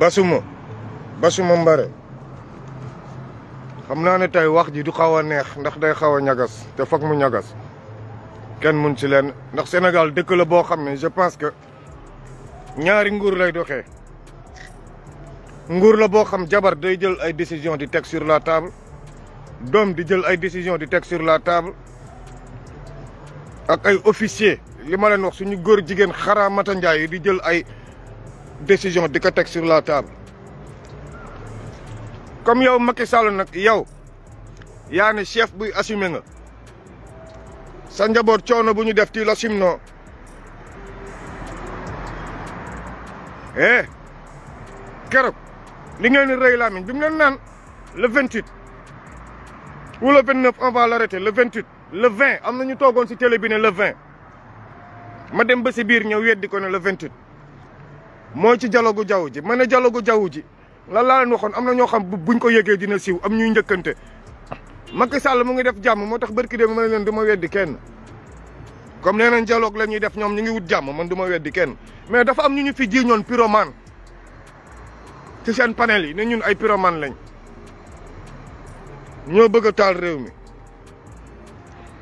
Basuma Basuma Mbare xamna ne tay wax ji du xawa neex ndax day xawa ñagas te fakk mu ñagas kenn mun ci len ndax senegal dekk la bo xamne je pense que ñaari nguur lay doxé nguur la bo xam jabar day jël ay décision di tek sur la table dom di jël ay décision di tek sur la table ak ay officier li ma wax suñu jigen di jël ay décision de catex sur la table comme yow Macky Sall nak yow yaani chef bu assumé nga sa njaboot coono un def ti la eh keroog li ngeen tu rëy lamiñ bi mu le 28 ou le 29 on va l'arrêter le 28 le 20 On ñu togon la télé le 20 ma dem ba ci bir ñew le 28. mooy ci dialogue jawuji mané dialogue jawuji la la laa leen amna ño xam buñ ko yëgee dina siw am ñuy ñëkënte Macky Sall mu ngi def jamm moo tax barki dem mané len duma wéddi kenn comme nee nañ dialogue lañuy def ñom ñi ngi wut jamm man duma wéddi kenn mais dafa am ñu ñu fi ñoon pyromane ci sen panel yi né ñun ay pyromane lañ ño bëgg taal réew mi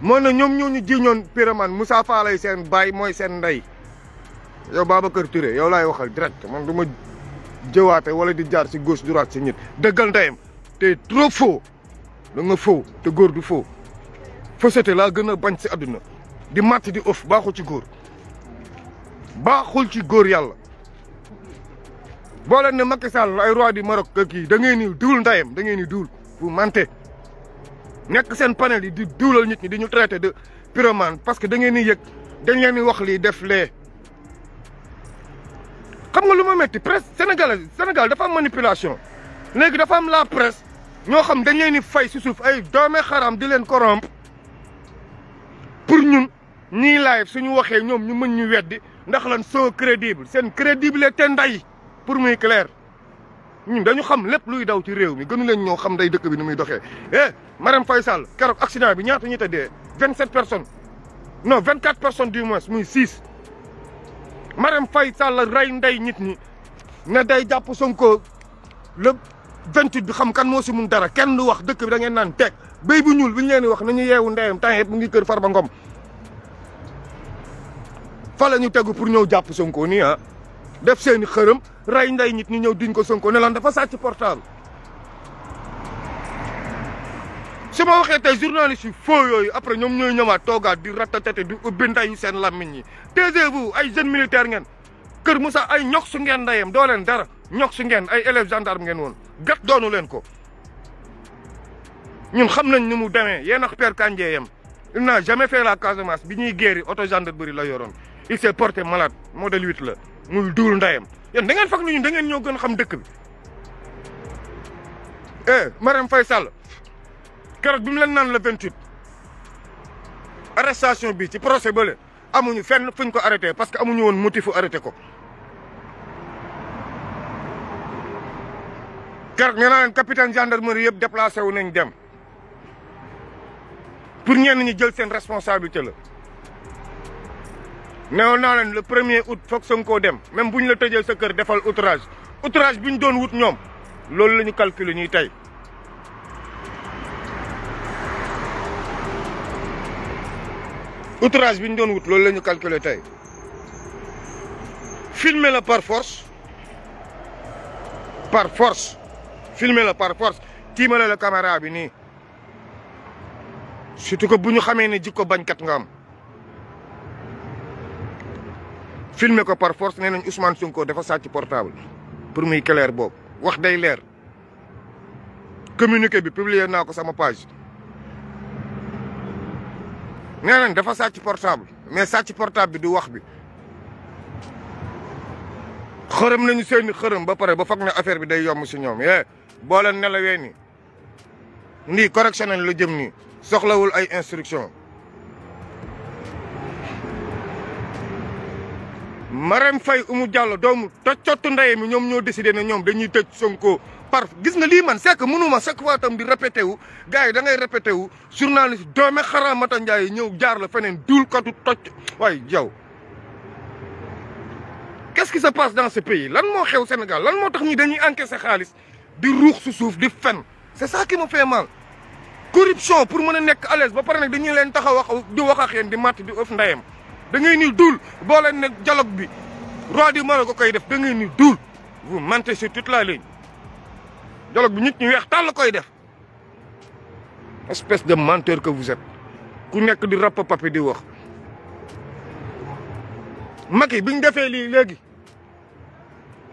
mo ne ñom ñoo ñu ñoon pyromane Moussa Fall sen bay moy sen ndey yow Babacar Touré yow lay waxal direct man duma ma wala di jaar si gauche droite ci nit deugal ndayam té trop faux da nga faux té gor du faux fossété la gëna bañ ci aduna di mat di off baaxul ci gor baxul ci gor yalla boo leen ne Macky Sall ay roi du Maroc ki da ngay ni dul ndayam da ngay ni dul bu manté nek sen panel yi di dulal nit ñi di ñu traité de pyromane parce que da ngay ni yek dañ leen ni wax li def les xam nga lu metti presse sénégalais Sénégal dafa am manipulation dafa la presse nous xam dañ leen fay suuf pour nous, ñii live suñu waxee ñoom ñu mën ñu weddi ndax crédible pour nous. clair nous dañu xam lépp luy daw ci réew mi gënu leen ñoo xam day dëkk bi eh, accident personnes non 24 personnes du moins Marème Faye Sall ray ndey nit ñi ne day jàpp Sonko le vingt-huit bi xam kan moo si mun dara kenn du wax dëkk bi da ngeen naan teg béy bu ñuul bi ñu leen wax nañu yeewu ndeyam temps yëpp mu ngi kër Farba Ngom fa la ñu tegu pour ñëw jàpp Sonko nii ah def seeni i xërëm rey ndey ñit ñi ñëw diñ ko Sonko ne lan dafa sàcc portable su ma waxee tey journaliste faux yooyu après ñoom ñooy ñëwaat toogaat di ratatati di ubbi ndeyu seen làmmiñ yi taisez-vous ay jeunes militaires ngeen Kër Moussa ay ñox su ngeen ndeyam doo leen dara ñox su ngeen ay élève gendarme ngeen won gat doonu len ko ñun xam nañ ni mu demee yéen ak Père Kandé n'a jamais fait la Casamance bi ñuy guéri auto gendarmerie la yoron il s'est porté malade modèle 8 la muy duur ndeyam yéen da ngeen foog ñun da ngeen ñoo gën xam dëkk bi eh maram Faye Karok bim len nan le 28 arrestation bi ci procès bële amuñu fenn fuñ ko arrêté parce que amuñu won motifu arrêté ko. Karok nee naa capitaine gendarmerie yeb déplacé wu nañ dem pour ñen ñi jël sen responsabilité la. neewoon naa leen le premier août foog ko dem même bu la tëjee sa kër defal outrage outrage bi ñu doon wut ñoom loolu lañu calculer ñuy tay outrage bi ñu doon wut loolu la calculer tay filmer la par force par force filmer la par force tiimale la caméra bi ni surtout que bu ñu xamee ne jikko kat nga am filmer ko par force nee nañ Ousmane Sonko dafa ci portable pour muy clair boobu wax day leer communiquer bi publier naa ko sama page nee dafa sàcc portable mais sàcc portable bi du wax bi xërëm nañu seeni xërëm ba pare ba foog ne affaire bi day yomb si ñoom yee boo leen nelawee nii nii correctionnel la jëm ni soxlawul ay instruction Marème Faye Oumou Diallo doomu toccottu ndey mi ñoom ñoo décidé ne ñoom dañuy tëj Sonko par gis nga li man c'est que mënuma chaque fois tam bi répété wu gars da ngay répété wu journaliste doome xaraam Mata Ndiaye ñëw jaar la feneen duul katu toj way yow. qu'est-ce qui se passe dans ce pays lan mo xew Sénégal lan mo tax ñi dañuy encaisser xaliss di roux su suuf di fen c'est ça qui me fait mal. corruption pour mën nek à l'aise ba pare nak dañuy leen taxaw wax di wax ak yéen di matt di euf ndeyam da ngay ni duul bo leen nek dialogue bi roi du Maroc ko koy def da ngay ni duul vous mentez sur toute la ligne dialogue nit ñi à koy def espèce de menteur que vous êtes ku nekk di rap papi di wax. Macky bi défé li légui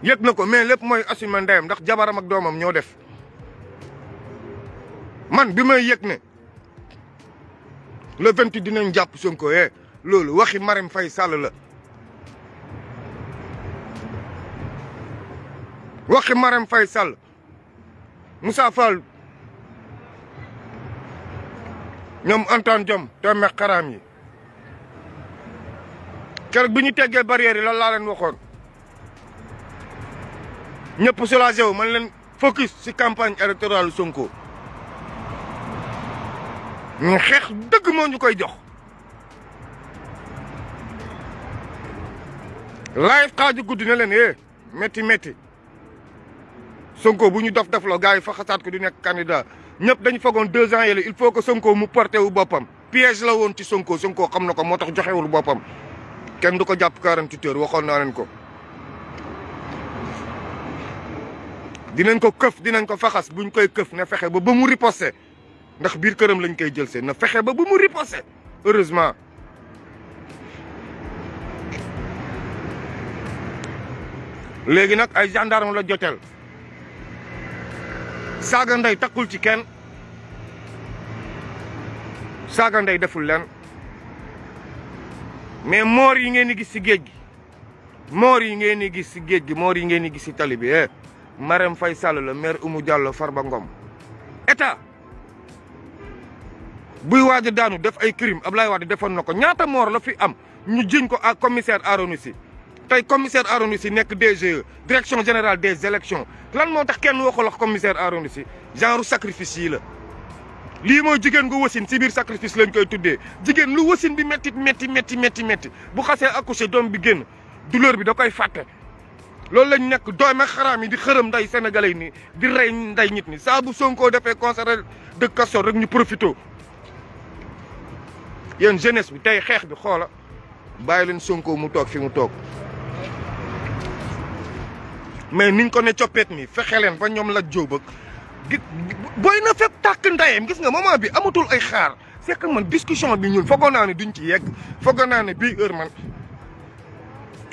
yek nako mais lepp moy assumé ndayam ndax jabaram ak def man bima yek le 28 dinañ C'est Sonko eh, lolu waxi Marème Faye Sall la. waxi Sall Moussa Fall ñoom Antoine Diome doomu xaraam yi keroog bi ñu tegee barrière yi lan laa leen waxoon ñëpp soulagé wu man leen focus si campagne électorale Sonko ñu xeex dëgg moo ñu koy jox live xaaju guddi na leen é eh, métti Sonko vous dof faire gars fa du candidat dañu deux ans il faut que Sonko mu porté au boppam piège la woon ci Sonko Sonko xam ko moo joxewul du 48 heures ko. ko le ko faxas buñ koy le na fexe ba ba mu riposté ndax biir que lañ koy jël na que ba ba mu que. heureusement. ay gendarme la Sagan takul takkul ci ken saaga ndey deful len mais mort yi ngeen ni gis ci geej gi mort yi ngeen ni gis ci geej gi mort yi ngeen ni gis ci tali bi eh Marème Faisal la maire Oumou Diallo Farba Ngom état buy def ay crime Ablaye Wade defoon nako ko ñaata mort la fi am ñu jign ko a commissaire Aronisi tey commissaire Arouna Sy nekk DGE direction générale des élections lan moo tax kenn waxul wax commissaire Arouna genre sacrifice yi la. lii mooy jigéen gu wasin si biir sacrifice lañ koy tuddé jigen lu wasin bi metti metti metti metti metti bu xassé accoucher dom bi genn douleur bi da koy faté lolou lañ nekk doome kharam yi di xërem nday sénégalais ni di rey nday nit ni sa bu Sonko defee concert de Castor rek ñu profito yeen jeunesse bi tay xex bi xola bàyyi leen Sonko mu tok fi mu tok mais niñ ko ne coppeet mi fexe leen ba ñoom la jóob booy na fépp tàkk ndayem gis nga moment bi amatul ay xaar c'est ma man discussion bi ñun foogoo naa ne duñ ci yegg foogoo naa ne bii heure man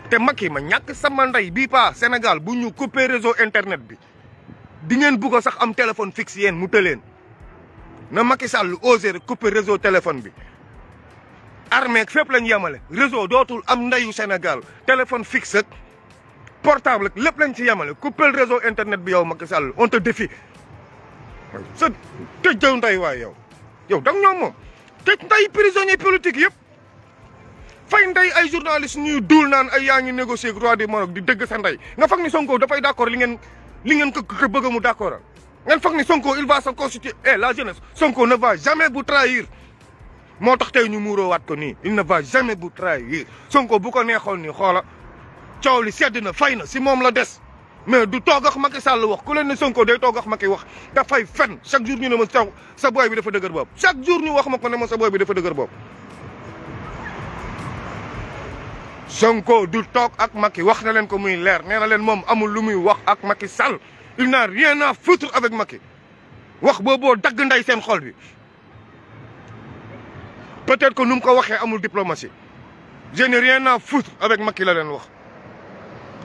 te Macky ma ñàkk sama ndey bii paa Sénégal bu ñu coupé réseau internet bi di ngeen bugg sax am téléphone fix yéen mu tëleen na Macky Sall osé rek coupé réseau téléphone bi armée fépp lañ yemale réseau dootul am ndeyu Sénégal téléphone fixe ak portable ak lépp lañ ci yemale coupel réseau internet bi yow Macky Sall on te défie sa tëj nday waay yow yow dang ñoom moom tëj nday prisonnier politique yëpp fay nday ay journaliste ñuy duul naan ay yaa ngi négocier ak roi du Maroc di dëgg sa nday nga foog ni Sonko dafay d'accord li ngeen li ngeen bëgg mu d'accord ngeen foog ni Sonko il va se constituer eh la jeunesse Sonko ne va jamais bu trahir moo tax tey ñu muuroo waat ko nii il ne va jamais vous bu ko neexoon nii xoola coow li fayna na fay si moom la dess mais du toog ak Macky Sall wax ku len ne Sonko day toog ak Macky wax da fay fen chaque jour ñu ne ma sa sa booy bi dafa dëgër bob chaque jour ñu wax ma ko ne ma sa boy bi dafa dëgër bob Sonko du toog ak Macky wax na len ko muy leer neena len mom amul lu muy wax ak Macky Sall il n'a rien à foutre avec Macky wax booboo dag nday seen xol bi peut-être que nu ko waxe amul diplomatie je n'ai rien à foutre avec Macky la len wax.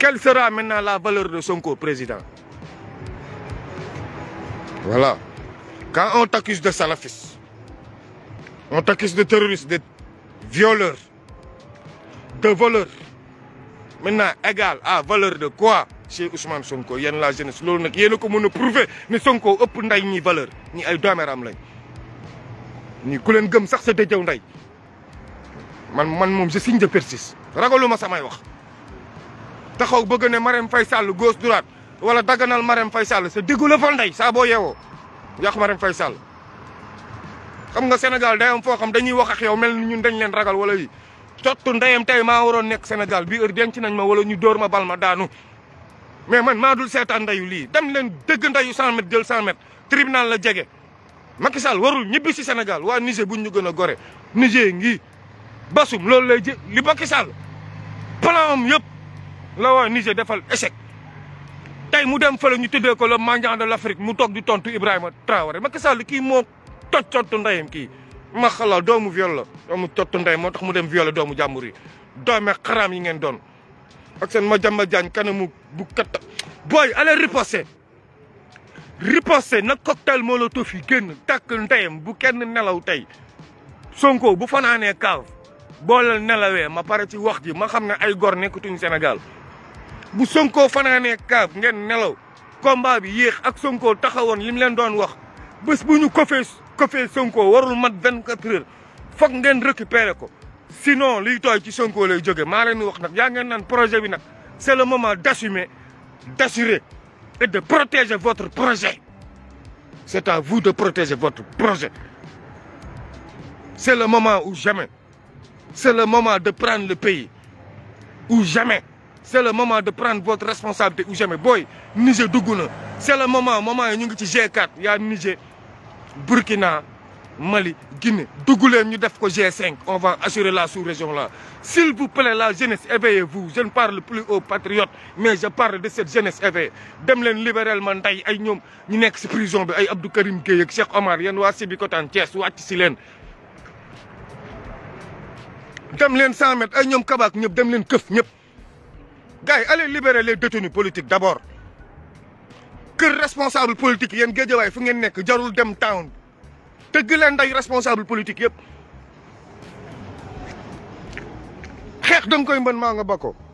Quelle sera maintenant la valeur de Sonko, président Voilà. Quand on t'accuse de salafiste, on t'accuse de terroriste, de violeur, de voleur. Maintenant, égal à valeur de quoi chez Ousmane Sonko a la jeunesse Il y a ko mën prouver que Sonko a nday ñi valeur ñi ay a lañ ñi sax sa man man moom je signe de persiste ragalu samay wax. taxaw bëgg ne Marème Faye Sall gauche droite wala daganal Marème Faye Sall sa diggu la fal ndey saa boo yeewoo yàq Marème Faye Sall xam nga Sénégal day am fo xam dañuy wax ak yow melni ñun dañ leen ragal wala yi cottu ndeyam tay ma waroon nek Sénégal bi heure denc nañ ma wala ñu door ma bal ma daanu mais man ma dul seetaan ndayu li dem leen dëgg ndayu 100 mètres jël 100 mètres tribunal la jege Macky Sall warul ñibbi ci Sénégal wa Niger buñ ñu gëna goré Niger ngi basum loolu lay jë li Macky Sall plan am yépp la waa Niger defal échec tay mu dem fële ñu tuddé ko le mandjan de l'afrique mu tok du tontu Ibrahima Traoré Macky Sall ki mo toj cottu ndeyam kii ma xalaat doomu viol la doomu cottu nday mo tax mu dem viol doomu jàmbur yi doome xaraam yi ngeen doon ak sen ma jàmba jagn kanamu bu kat boy allez riposter riposter na cocktail molotov yi genn tak ndayem bu kenn nelaw tay Sonko bu fanaanee kaaw bolal nelawé ma paré ci wax ji ma xamné ay gor nekkatuñu Sénégal bu Sonko fanane kaaf ngeen nelaw combat bi yeex ak Sonko taxawoon vous leen doon wax bés buñu ñu kofee Sonko warul mat 24 quatre heures foog ngeen récupérer ko sinon li toy ci Sonko lay jóge ma leen wax nak ya ngeen nan projet bi nak c'est le moment d'assumer d'assurer et de protéger votre projet c'est à vous de protéger votre projet c'est le moment ou jamais c'est le moment de prendre le pays ou jamais c'est le moment de prendre votre responsabilité ou jamais Boy, Niger c'est le moment moment nous ñu ngi G4 a Niger Burkina Mali Guinée dugg nous ñu G5 on va assurer la sous-région là s'il vous plaît la jeunesse éveillez-vous je ne parle plus aux patriotes mais je parle de cette jeunesse éveillée dem leen libéral mandat, nday ay qui prison bi Abdou Karim Gueye Cheikh Omar yéen waa Sébikotane Thiès wàcc demain, 100 mètres ay kabaak dem gars allez libérer les détenus politiques d'abord. Que responsable politique yéen géejawaay fu ngeen nek jarul dem town Teug leen day responsable politique yépp. Xex dang koy mën ma nga bako.